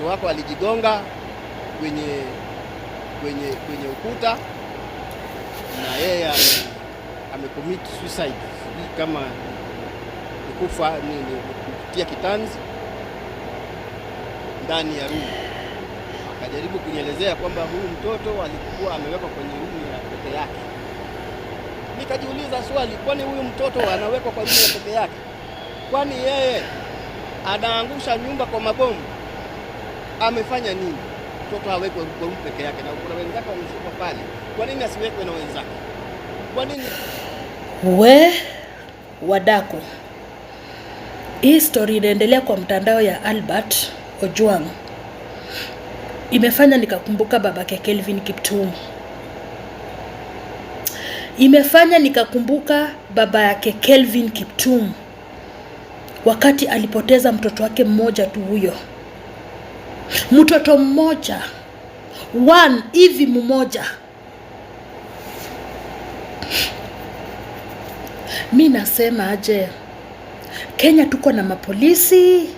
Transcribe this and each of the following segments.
mtoto wako alijigonga kwenye kwenye kwenye ukuta na yeye amecommit suicide, sijui kama kufa nini, kupitia kitanzi ndani ya rumu. Akajaribu kunielezea kwamba huyu mtoto alikuwa amewekwa kwenye rumu ya peke yake. Nikajiuliza swali, kwani huyu mtoto anawekwa kwa rumu ya peke yake? Kwani yeye anaangusha nyumba kwa mabomu? amefanya nini? Mtoto awekwe Rumu peke yake na kuna wenzake wameshikwa pale, kwa nini asiwekwe na wenzake? Kwa nini we wadako? Hii story inaendelea kwa mtandao ya Albert Ojuang imefanya nikakumbuka babake Kelvin Kiptum, imefanya nikakumbuka baba yake Kelvin Kiptum wakati alipoteza mtoto wake mmoja tu huyo mtoto mmoja one hivi mmoja. Mi nasema aje, Kenya tuko na mapolisi?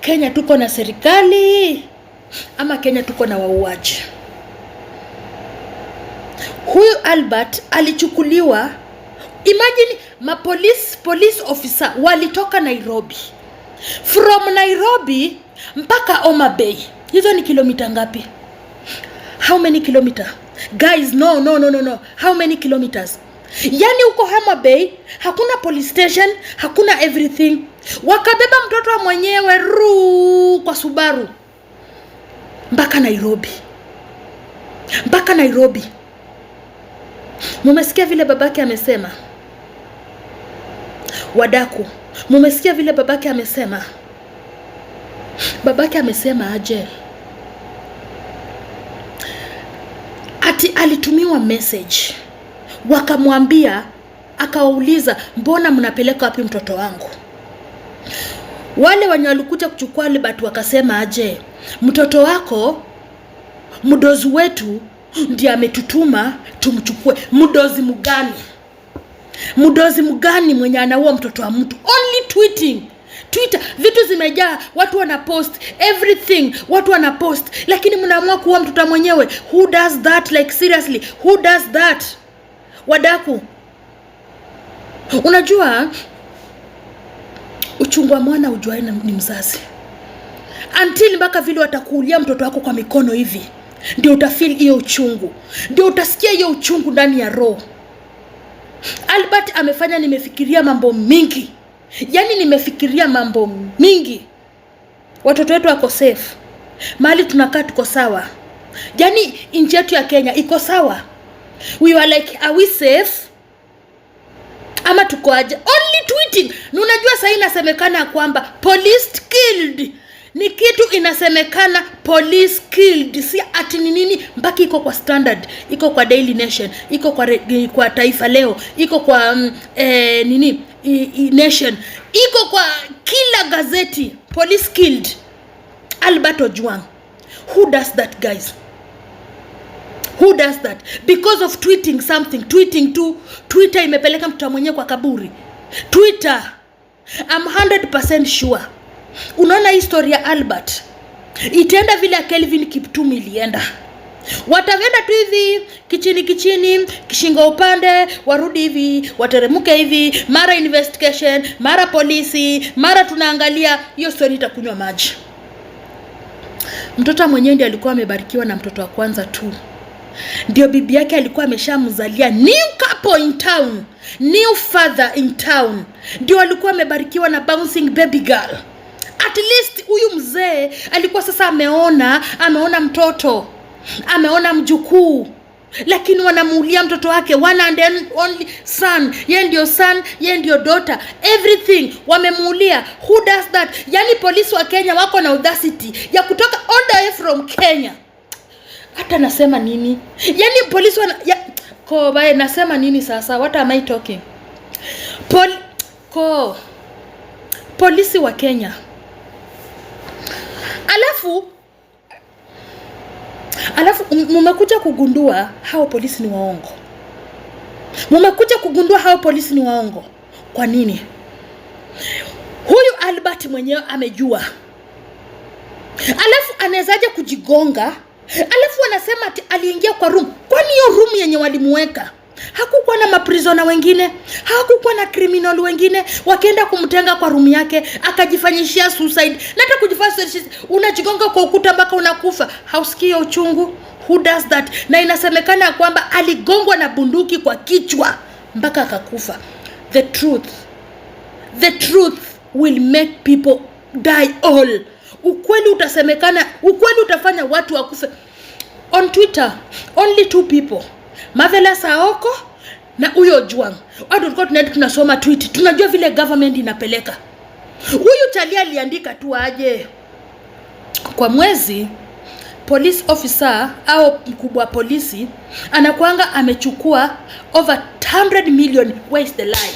Kenya tuko na serikali ama Kenya tuko na wauaji? Huyu Albert alichukuliwa, imagine mapolisi, police officer walitoka Nairobi, from Nairobi mpaka Homa Bay. Hizo ni kilomita ngapi? How many kilometer? Guys, no, no, no, no, no. How many kilometers? Yaani huko Homa Bay hakuna police station, hakuna everything. Wakabeba mtoto mwenyewe ru kwa Subaru mpaka Nairobi, mpaka Nairobi. Mumesikia vile babake amesema, wadaku? Mumesikia vile babake amesema babake amesema aje? Ati alitumiwa message wakamwambia, akawauliza mbona mnapeleka wapi mtoto wangu? Wale wenye walikuja kuchukua Libert wakasema aje, mtoto wako mdozi wetu ndiye ametutuma tumchukue. Mdozi mgani? Mdozi mgani mwenye anaua mtoto wa mtu? Only tweeting Twitter vitu zimejaa, watu wana post everything, watu wana post, lakini mnaamua kuwa mtoto mwenyewe. Who does that? Like seriously, who does that? Wadaku, unajua uchungu wa mwana ujuai ni mzazi, until mpaka vile watakuulia mtoto wako kwa mikono hivi, ndio utafeel hiyo uchungu, ndio utasikia hiyo uchungu ndani ya roho. Albert amefanya nimefikiria mambo mingi. Yaani nimefikiria mambo mingi. Watoto wetu wako safe. Mahali tunakaa tuko sawa. Yaani nchi yetu ya Kenya iko sawa. We were like are we safe? Ama tuko aje? Only tweeting. Na unajua sasa inasemekana kwamba police killed ni kitu inasemekana police killed, si ati ni nini, mpaka iko kwa Standard, iko kwa Daily Nation, iko kwa, eh, kwa Taifa Leo, iko kwa um, e, nini I, I, Nation, iko kwa kila gazeti, police killed Albert Ojwang. Who does that guys? Who does that? Because of tweeting something, tweeting tu. Twitter imepeleka mtu mwenyewe kwa kaburi. Twitter, I'm 100% sure Unaona historia Albert itaenda vile ya Kelvin Kiptum ilienda. Watavenda tu hivi kichini kichini, kishinga upande, warudi hivi, wateremuke hivi, mara investigation, mara polisi, mara tunaangalia. Hiyo story itakunywa maji. Mtoto mwenyewe ndiye alikuwa amebarikiwa na mtoto wa kwanza tu, ndio bibi yake alikuwa ameshamzalia new couple in town, new father in town, ndio alikuwa amebarikiwa na bouncing baby girl at least huyu mzee alikuwa sasa ameona, ameona mtoto, ameona mjukuu lakini wanamuulia mtoto wake one and only son, ye ndio son, ye ndio daughter, everything wamemuulia. Who does that? Yani polisi wa Kenya wako na audacity ya kutoka all the way from Kenya. Hata nasema nini? Yani polisi wana ya, ko bae, nasema nini sasa? What am I talking? Pol, ko polisi wa Kenya alafu alafu mumekuja kugundua hao polisi ni waongo, mumekuja kugundua hao polisi ni waongo. Kwa nini? Huyu Albert mwenyewe amejua, alafu anawezaje kujigonga? Alafu anasema ati aliingia kwa room. Kwani hiyo room yenye walimuweka hakukuwa na maprizona wengine, hakukuwa na criminal wengine, wakienda kumtenga kwa rumu yake akajifanyishia suicide. Na hata kujifanya unajigonga kwa ukuta mpaka unakufa, hausikii uchungu? Who does that? Na inasemekana kwamba aligongwa na bunduki kwa kichwa mpaka akakufa. The truth, the truth will make people die all. Ukweli utasemekana, ukweli utafanya watu wakufe. On Twitter, only two people Mavela Saoko na huyo Juang. Watu tulikuwa tunaenda tunasoma tweet. Tunajua vile government inapeleka. Huyu Chalia aliandika tu aje. Kwa mwezi police officer au mkubwa wa polisi anakuanga amechukua over 100 million. Where is the lie?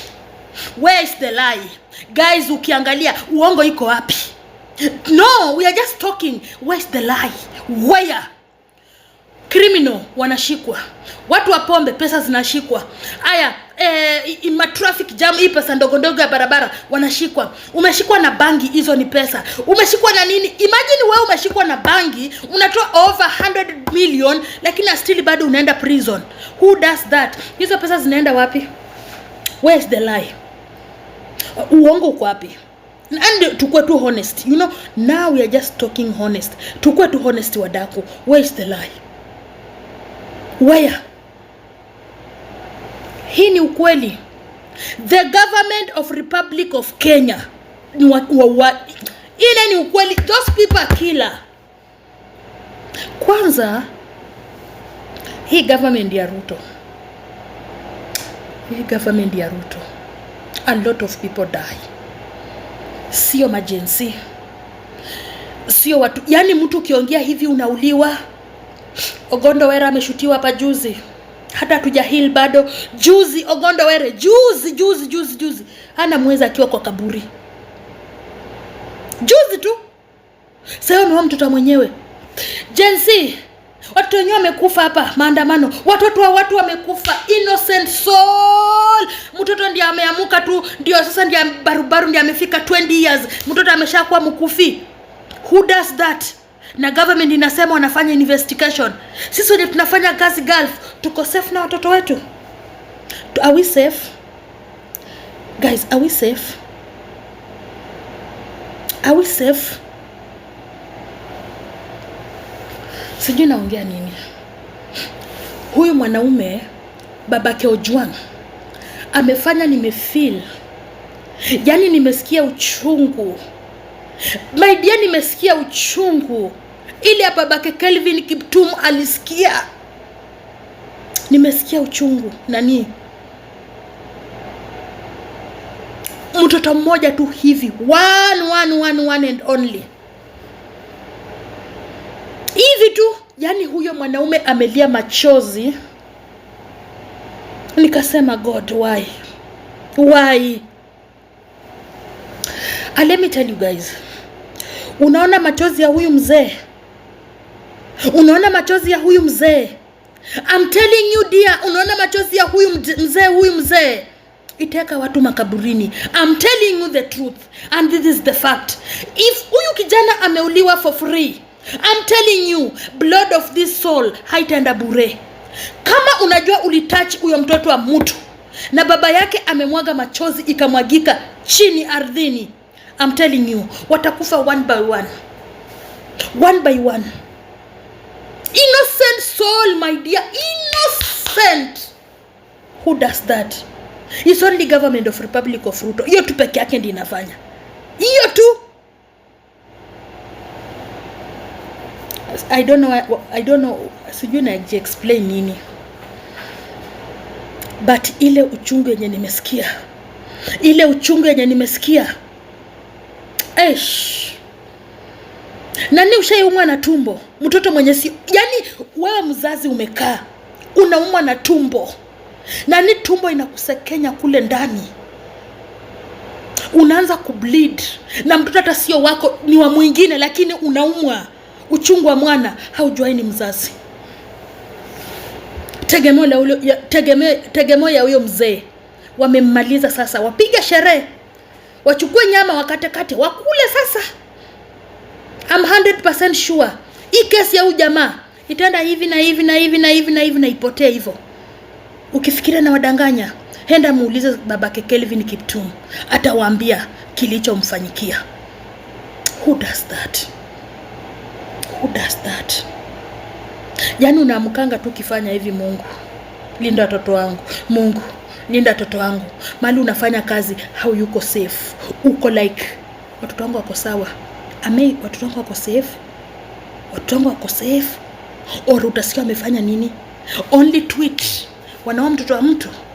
Where is the lie? Guys, ukiangalia uongo iko wapi? No, we are just talking. Where is the lie? Where? criminal wanashikwa, watu wa pombe pesa zinashikwa. Haya, e, eh, ma traffic jam hii pesa ndogo ndogo ya barabara wanashikwa. Umeshikwa na bangi, hizo ni pesa. Umeshikwa na nini? Imagine wewe umeshikwa na bangi, unatoa over 100 million, lakini still bado unaenda prison. Who does that? Hizo pesa zinaenda wapi? Where is the lie? Uongo uko wapi? And tukue tu honest, you know, now we are just talking honest. Tukue tu honest, wadaku. Where is the lie? Where? Hii ni ukweli. The government of Republic of Kenya ile ni ukweli. Those people are killer. Kwanza hii government ya Ruto, hii government ya Ruto, a lot of people die, sio majensi, sio watu. Yani mtu ukiongea hivi unauliwa. Ogondo Were ameshutiwa hapa juzi, hata hatuja heal bado. Juzi Ogondo Were, juzi juzi juzi juzi, hana mwezi akiwa kwa kaburi, juzi tu. Sasa ni mtoto mwenyewe. Gen Z, watoto wenyewe wamekufa hapa maandamano, watoto wa watu wamekufa, innocent soul. Mtoto ndiye ameamuka tu, ndio sasa ndiye barubaru, ndiye amefika 20 years, mtoto ameshakuwa mkufi. Who does that? na government inasema wanafanya investigation. Sisi wenye tunafanya kazi Gulf tuko safe na watoto wetu? Are we safe? Guys, are we safe? Are we safe? Sijui naongea nini. Huyu mwanaume babake Ojwang amefanya nimefeel, yani nimesikia uchungu maidia, nimesikia uchungu ile babake Kelvin Kiptum alisikia. Nimesikia uchungu nani, mtoto mmoja tu hivi one, one, one, one and only hivi tu, yani huyo mwanaume amelia machozi. Nikasema God, why why? Let me tell you guys, unaona machozi ya huyu mzee Unaona machozi ya huyu mzee. I'm telling you dear, unaona machozi ya huyu mzee huyu mzee iteka watu makaburini. I'm telling you the truth and this is the fact. If huyu kijana ameuliwa for free, I'm telling you blood of this soul haitaenda bure. Kama unajua ulitouch huyo mtoto wa mtu na baba yake amemwaga machozi ikamwagika chini ardhini, I'm telling you watakufa one by one, one by one innocent soul my dear innocent who does that is only government of republic of ruto hiyo tu peke yake ndi inafanya hiyo tu i don't know i don't know sijui naji explain nini but ile uchungu yenye nimesikia ile uchungu yenye nimesikia eish na nini, ushaumwa na tumbo, mtoto mwenye si, yani wewe mzazi umekaa unaumwa na tumbo, na nini, tumbo inakusekenya kule ndani, unaanza kubleed, na mtoto hata sio wako, ni wa mwingine, lakini unaumwa uchungu wa mwana, haujuai ni mzazi tegemeo ule, ya, tegemeo, tegemeo ya huyo mzee wamemmaliza sasa, wapiga sherehe, wachukue nyama wakatekate, wakule sasa. I'm 100% sure hii kesi ya huyu jamaa itaenda hivi na hivi na hivi na hivi na hivi na ipotee hivyo. Ukifikiria na wadanganya, henda muulize babake Kelvin Kiptum, atawaambia kilichomfanyikia. Who does that? Who does that? Yaani unaamkanga tu ukifanya hivi, Mungu linda watoto wangu, Mungu linda watoto wangu. Mali unafanya kazi, hau yuko safe, uko like watoto wangu wako sawa amei watoto wangu wako safe, watoto wangu wako safe, or utasikia wamefanya nini? Only tweet wanaoa mtoto wa mtu